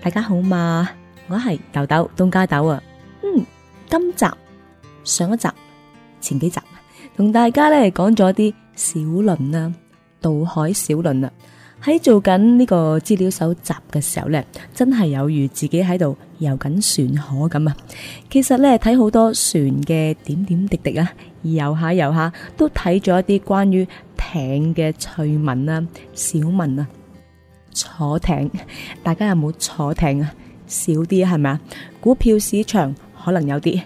大家好嘛，我係豆豆東加豆啊。嗯，今集上一集前幾集同大家咧，講咗啲小輪啊，渡海小輪啊。喺做緊呢個資料搜集嘅時候咧，真係有如自己喺度遊緊船河咁啊。其實咧，睇好多船嘅點點滴滴啊，遊下遊下都睇咗一啲關於艇嘅趣聞啊、小文啊。坐艇，大家有冇坐艇啊？少啲啊，係咪啊？股票市場可能有啲。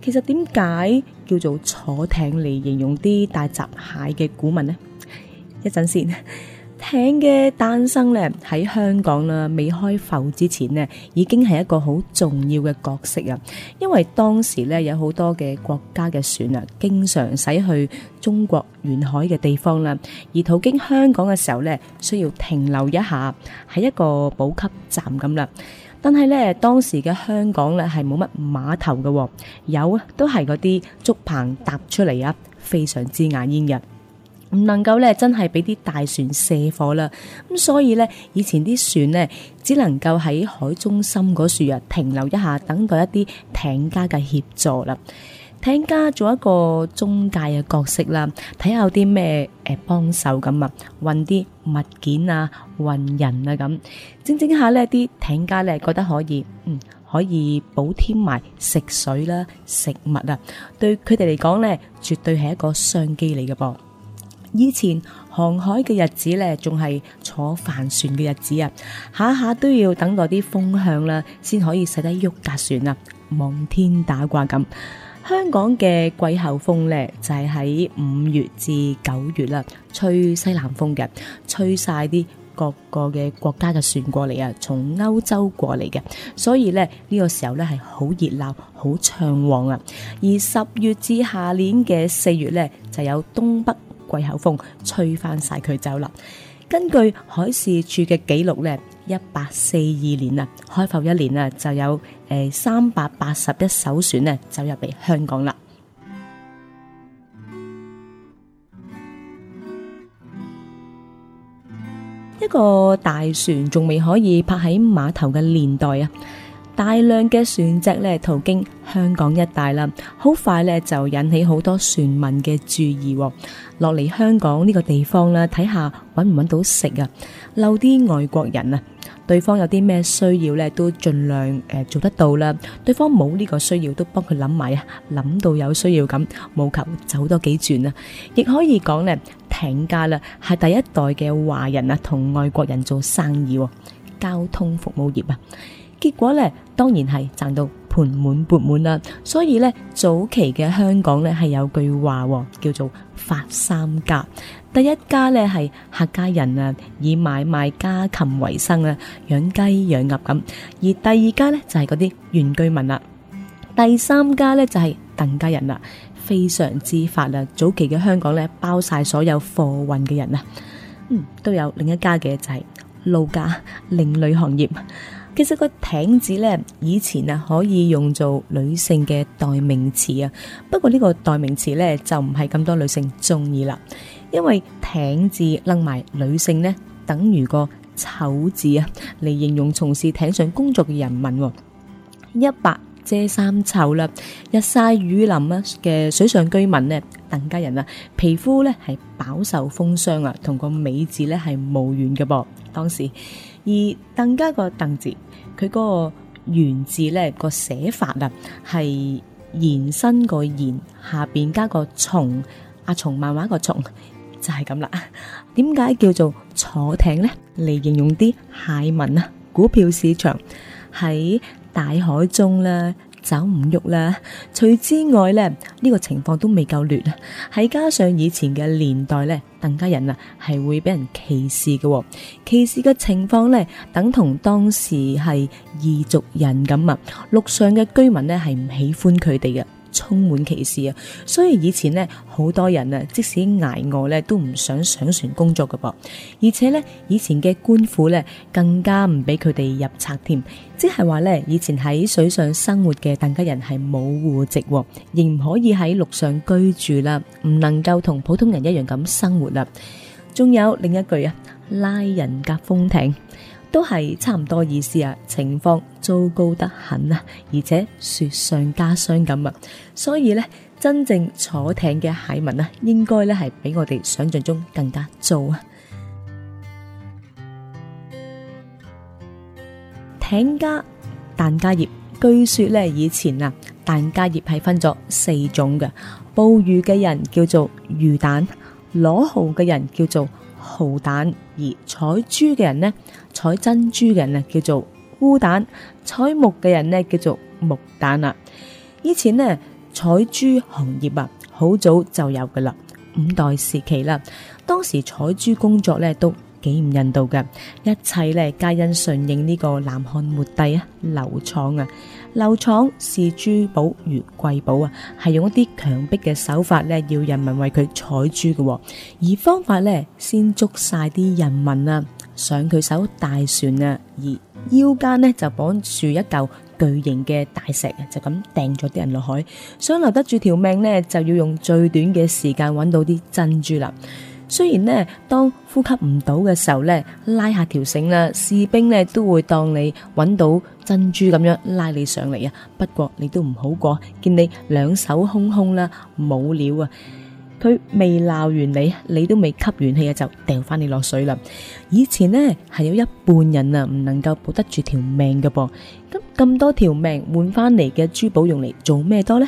其實點解叫做坐艇嚟形容啲大閘蟹嘅股民呢？一陣先。艇嘅誕生呢，喺香港啦，未開埠之前呢，已經係一個好重要嘅角色啊！因為當時呢，有好多嘅國家嘅船啊，經常駛去中國沿海嘅地方啦，而途經香港嘅時候呢，需要停留一下，係一個補給站咁啦。但係呢，當時嘅香港呢係冇乜碼頭嘅，有都係嗰啲竹棚搭出嚟啊，非常之眼冤嘅。唔能夠咧，真係俾啲大船卸貨啦，咁所以咧，以前啲船咧，只能夠喺海中心嗰處啊停留一下，等待一啲艇家嘅協助啦。艇家做一個中介嘅角色啦，睇下有啲咩誒幫手咁啊，運啲物件啊，運人啊咁，整整下咧，啲艇家咧覺得可以，嗯，可以補添埋食水啦、食物啊，對佢哋嚟講咧，絕對係一個商機嚟嘅噃。以前航海嘅日子呢，仲係坐帆船嘅日子啊，下下都要等待啲風向啦，先可以使得喐架船啊，望天打卦咁。香港嘅季候風呢，就係喺五月至九月啦，啊，吹西南風嘅，吹晒啲各個嘅國家嘅船過嚟啊，從歐洲過嚟嘅，所以呢，呢、呢個時候呢，係好熱鬧，好暢旺啊。而十月至下年嘅四月呢，就有東北。季口風吹翻晒佢走啦！根據海事處嘅記錄呢，一八四二年啊，開埠一年啊，就有誒三百八十一艘船咧走入嚟香港啦。一個大船仲未可以泊喺碼頭嘅年代啊！大量嘅船隻咧途經香港一帶啦，好快咧就引起好多船民嘅注意。落嚟香港呢個地方啦，睇下揾唔揾到食啊，溜啲外國人啊，對方有啲咩需要咧都盡量誒做得到啦。對方冇呢個需要都幫佢諗埋啊，諗到有需要咁，務求走多幾轉啊，亦可以講咧，艇家啦係第一代嘅華人啊同外國人做生意，交通服務業啊。結果呢，當然係賺到盆滿缽滿啦。所以呢，早期嘅香港呢，係有句話、啊、叫做發三家。第一家呢，係客家人啊，以買賣家禽為生啊，養雞養鴨咁。而第二家呢，就係嗰啲原居民啦、啊。第三家呢，就係、是、鄧家人啦、啊，非常之發啦、啊。早期嘅香港呢，包晒所有貨運嘅人啊，嗯，都有另一家嘅就係、是、路家另類行業。其實個艇字呢，以前啊可以用做女性嘅代名詞啊，不過呢個代名詞呢就唔係咁多女性中意啦，因為艇字拎埋女性呢，等於個醜字啊，嚟形容從事艇上工作嘅人民一百。遮三臭啦，日曬雨淋啊嘅水上居民咧，鄧家人啊，皮膚咧係飽受風霜啊，同個尾字咧係無緣嘅噃。當時，而鄧家個鄧字，佢嗰個原字咧個寫法啊，係延伸個延下邊加個虫，阿虫漫畫個虫就係咁啦。點解叫做坐艇咧？嚟形容啲蟹文啊，股票市場喺大海中啦，走唔喐啦。除此之外咧，呢個情況都未夠劣。喺加上以前嘅年代咧，疍家人啊係會俾人歧視嘅，歧視嘅情況咧等同當時係異族人咁啊。陸上嘅居民咧係唔喜歡佢哋嘅。充滿歧視啊！所以以前呢，好多人啊，即使捱餓呢都唔想上船工作噶噃。而且呢，以前嘅官府呢更加唔俾佢哋入冊添，即係話呢，以前喺水上生活嘅疍家人係冇戶籍，仍唔可以喺陸上居住啦，唔能夠同普通人一樣咁生活啦。仲有另一句啊，拉人夾風艇。都係差唔多意思啊！情況糟糕得很啊，而且雪上加霜咁啊，所以呢，真正坐艇嘅蟹民啊，應該呢係比我哋想象中更加糟啊！艇家蛋家業，據說呢，以前啊，蛋家業係分咗四種嘅，捕魚嘅人叫做魚蛋，攞蠔嘅人叫做蠔蛋。而採珠嘅人呢？採珍珠嘅人呢，叫做烏蛋；採木嘅人呢，叫做木蛋啊，以前呢，採珠行業啊，好早就有噶啦，五代時期啦。當時採珠工作呢都幾唔人道噶，一切呢，皆因順應呢個南漢末帝啊劉鋹啊。流鋹視珠寶如貴寶啊，係用一啲強迫嘅手法咧，要人民為佢採珠嘅。而方法咧，先捉晒啲人民啊，上佢艘大船啊，而腰間呢，就綁住一嚿巨型嘅大石，就咁掟咗啲人落海。想留得住條命呢，就要用最短嘅時間揾到啲珍珠啦。雖然呢，當呼吸唔到嘅時候呢，拉下條繩啦，士兵呢都會當你揾到珍珠咁樣拉你上嚟啊。不過你都唔好過，見你兩手空空啦，冇料啊。佢未鬧完你，你都未吸完氣啊，就掉翻你落水啦。以前呢係有一半人啊，唔能夠保得住條命噶噃。咁咁多條命換翻嚟嘅珠寶用嚟做咩多呢？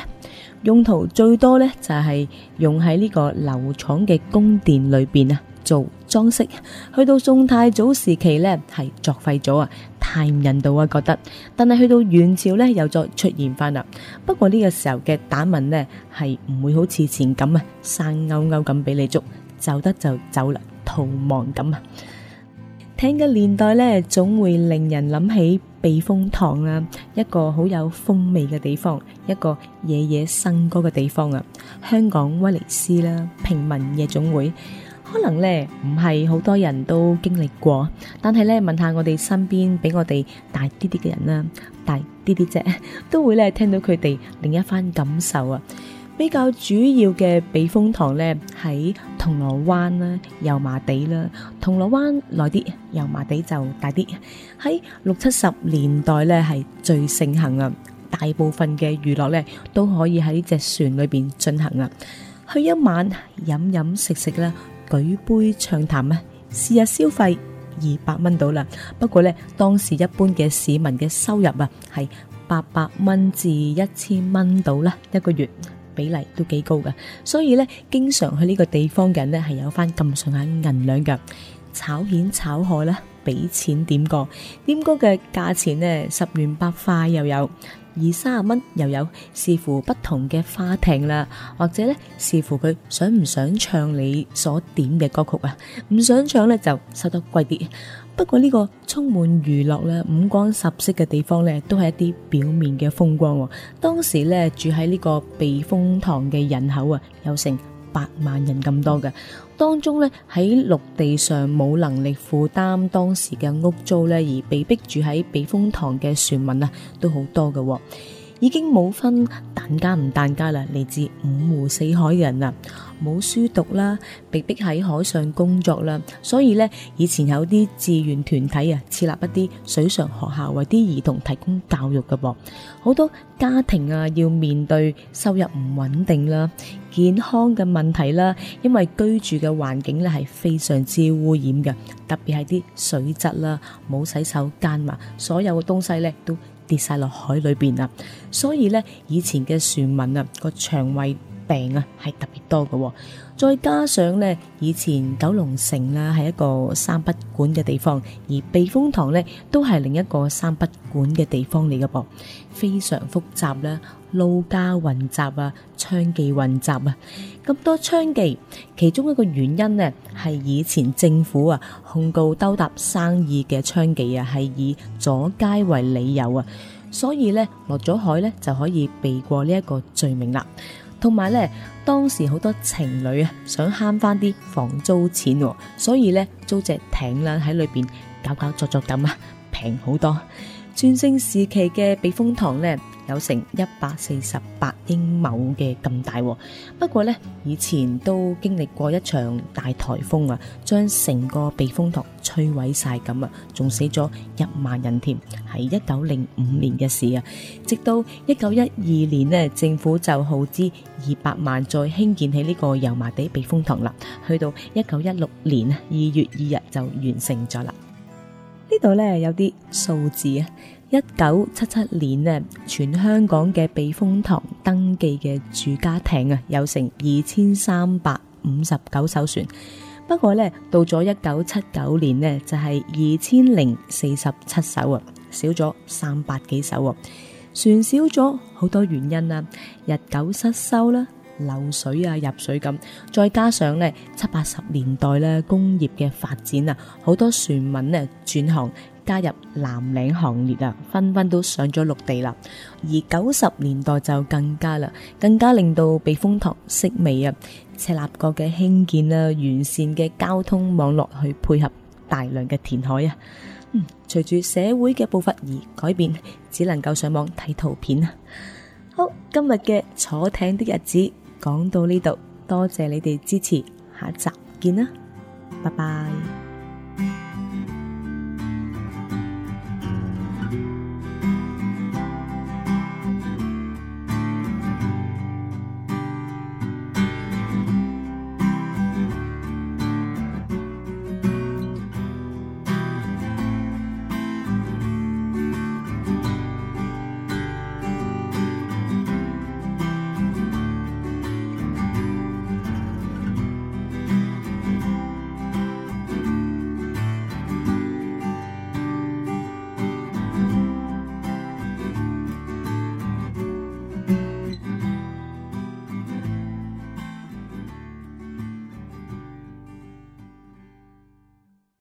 用途最多咧就係、是、用喺呢個流廠嘅宮殿裏邊啊做裝飾。去到宋太祖時期咧係作廢咗啊，太唔人道啊覺得。但係去到元朝咧又再出現翻啦。不過呢個時候嘅蛋民咧係唔會好似前咁啊，生勾勾咁俾你捉，走得就走啦，逃亡咁啊。聽嘅年代咧總會令人諗起。避風塘啦，一個好有風味嘅地方，一個夜夜笙歌嘅地方啊！香港威尼斯啦，平民夜總會，可能呢唔係好多人都經歷過，但係呢問下我哋身邊俾我哋大啲啲嘅人啦，大啲啲啫，都會咧聽到佢哋另一番感受啊！比較主要嘅避風塘呢，喺銅鑼灣啦、油麻地啦。銅鑼灣耐啲，油麻地就大啲。喺六七十年代呢，係最盛行啊！大部分嘅娛樂呢，都可以喺隻船裏邊進行啊。去一晚飲飲食食啦，舉杯暢談啊，試下消費二百蚊到啦。不過呢，當時一般嘅市民嘅收入啊，係八百蚊至一千蚊到啦，一個月。比例都幾高噶，所以咧，經常去呢個地方嘅人呢，係有返咁上下銀兩噶，炒蜆炒海咧，俾錢點過，點個嘅價錢呢？十元八塊又有。二三十蚊又有，視乎不同嘅花艇啦，或者呢視乎佢想唔想唱你所點嘅歌曲啊，唔想唱呢就收得貴啲。不過呢個充滿娛樂啦、五光十色嘅地方呢，都係一啲表面嘅風光啊。當時呢，住喺呢個避風塘嘅人口啊，有成百萬人咁多㗎。當中咧，喺陸地上冇能力負擔當時嘅屋租咧，而被逼住喺避風塘嘅船民啊，都好多嘅喎。已經冇分疍家唔疍家啦，嚟自五湖四海嘅人啊，冇書讀啦，被迫喺海上工作啦，所以呢以前有啲志願團體啊，設立一啲水上學校，為啲兒童提供教育嘅噃。好多家庭啊，要面對收入唔穩定啦、健康嘅問題啦，因為居住嘅環境呢係非常之污染嘅，特別係啲水質啦、冇洗手間啊，所有嘅東西呢都。跌晒落海裏邊啦，所以咧以前嘅船民啊個腸胃。病啊，係特別多嘅、哦。再加上呢，以前九龍城啦、啊、係一個三不管嘅地方，而避風塘呢都係另一個三不管嘅地方嚟、啊、嘅噃，非常複雜啦、啊，撈家混雜啊，娼妓混雜啊，咁多娼妓。其中一個原因呢、啊，係以前政府啊控告兜搭生意嘅娼妓啊，係以阻街為理由啊，所以呢，落咗海呢就可以避過呢一個罪名啦。同埋咧，當時好多情侶啊，想慳翻啲房租錢，哦，所以咧租隻艇啦，喺裏邊搞搞作作咁啊，平好多。轉正時期嘅避風塘呢，有成一百四十八英畝嘅咁大。不過呢，以前都經歷過一場大台風啊，將成個避風塘摧毀晒咁啊，仲死咗一萬人添，係一九零五年嘅事啊。直到一九一二年呢，政府就耗資二百萬再興建起呢個油麻地避風塘啦。去到一九一六年啊，二月二日就完成咗啦。呢度咧，有啲數字啊，一九七七年呢，全香港嘅避風塘登記嘅住家艇啊，有成二千三百五十九艘船。不過呢，到咗一九七九年呢，就係二千零四十七艘啊，少咗三百幾艘啊。船少咗好多原因啦，日久失修啦。漏水啊，入水咁，啊，再加上呢七八十年代呢，工業嘅發展啊，好多船民咧轉行加入藍領行列啊，紛紛都上咗陸地啦。而九十年代就更加啦，更加令到避風塘式微啊，赤鱲角嘅興建啦，啊，完善嘅交通網絡去配合大量嘅填海啊。嗯，隨住社會嘅步伐而改變，只能夠上網睇圖片啊。好，今日嘅坐艇的日子。講到呢度，多謝你哋支持，下一集見啦，拜拜。